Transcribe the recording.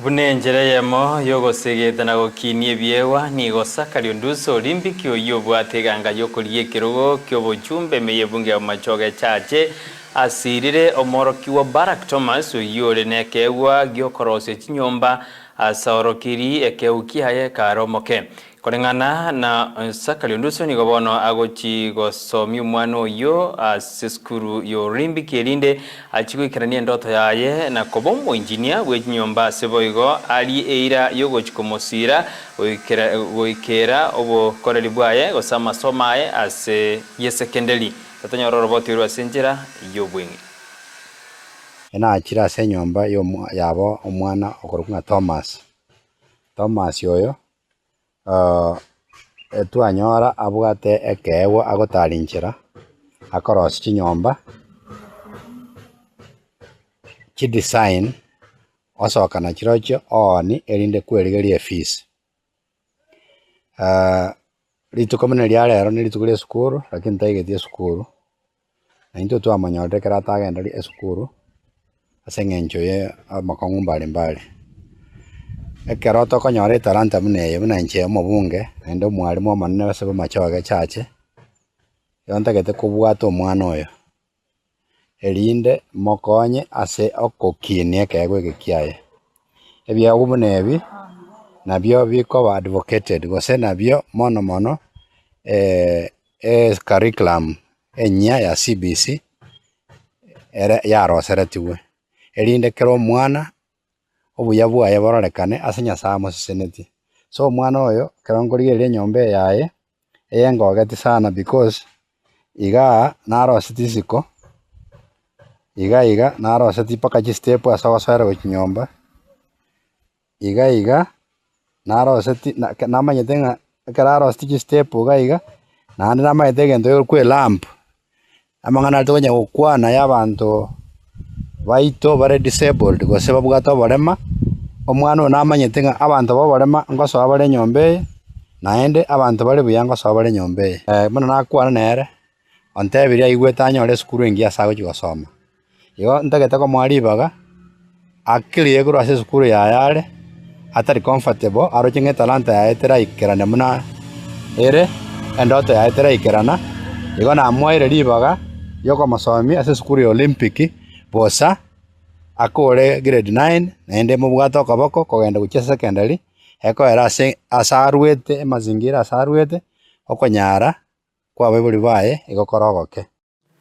buna enjera yamo y'ogosegeethana gokiinia ebyewa niigosakaria undu ucio olimpiki oiyo obwateganga yokuria ekirugo kia obochumbe meye bunge omachoge chache asirire omworoki wa Barack Thomas oiyore nekewa giokorosia chinyomba asaorokiri ekeukia moke koreng'ana na nsakali ondusoni gobono agochi gosomia omwana oyo ase sukuru yorimbiki erinde achigoikerania endoto yaye na koba omoinjinia bwa echinyomba ase boigo ari eira yogochi komosira goikera obokoreri bwaye gose amasomo aye ase yesekendari etonyora oroboti rwa ase enchera ya obweng'e enachire ase enyomba yabo omwana okorokwa ng'a thomas thomas oyo etwanyora eh, abwate ekeewa agotarinchera akorosi chinyomba chidesign osoka na ooni erinde kwerigeri efees uh, eh, rituko mene ria rero ni rituko ria sukuru lakini ntaigetie sukuru na intu twamanyorete kira tagenda ria sukuru ase ng'encho ye amakong'u mbali mbali ekero tokonyora etalanta muna eyo buna enche omobunge naende omwalimu omonene ase bamachoge chache yontagete kobwata omwana oyo erinde mokonye ase okokinia ekegoegekiaye ebiago buna ebi ah. nabyo bikoba advocated gose bio mono mono e, e curriculum enya eh, ya CBC ere yaroseretiwe kero omwana obuya bwaye bororekane ase nyasaye amosesenetie so omwana oyo kero nyombe enyomba eyaye gati sana because iga naro sitisiko iga iga naroseti mpaka chistepu ase ogosoera gochinyomba iga iga naroseti namaanyete ng'a ekerarosti chistep iga iga naende namaete egento ere kwa elamp amang'ana aria gokwana ya abanto baito bare disabled gose babwate oborema omwana oyo namanyete ng'a abanto ba oborema ngosoa bare enyomba eye naende abanto bare buya ngosoa bare enyomba eye eh, bono nakwana nere ontebiri aigwete anyore esukuru engiya ase agochi gosoma igo ntagete komwaribaga akili ye ase esukuru yaya are atari comfortable chinge talanta yaetera ikerania muna ere endoto yaetera ikerana igo namwaire ribaga masomi ase esukuru ya olympic bosa akore grade 9 naende mobwate okoboko kogenda gochia secondary ekoera ase ase arwete mazingira ase okonyara kwa bori baye igokora ogoke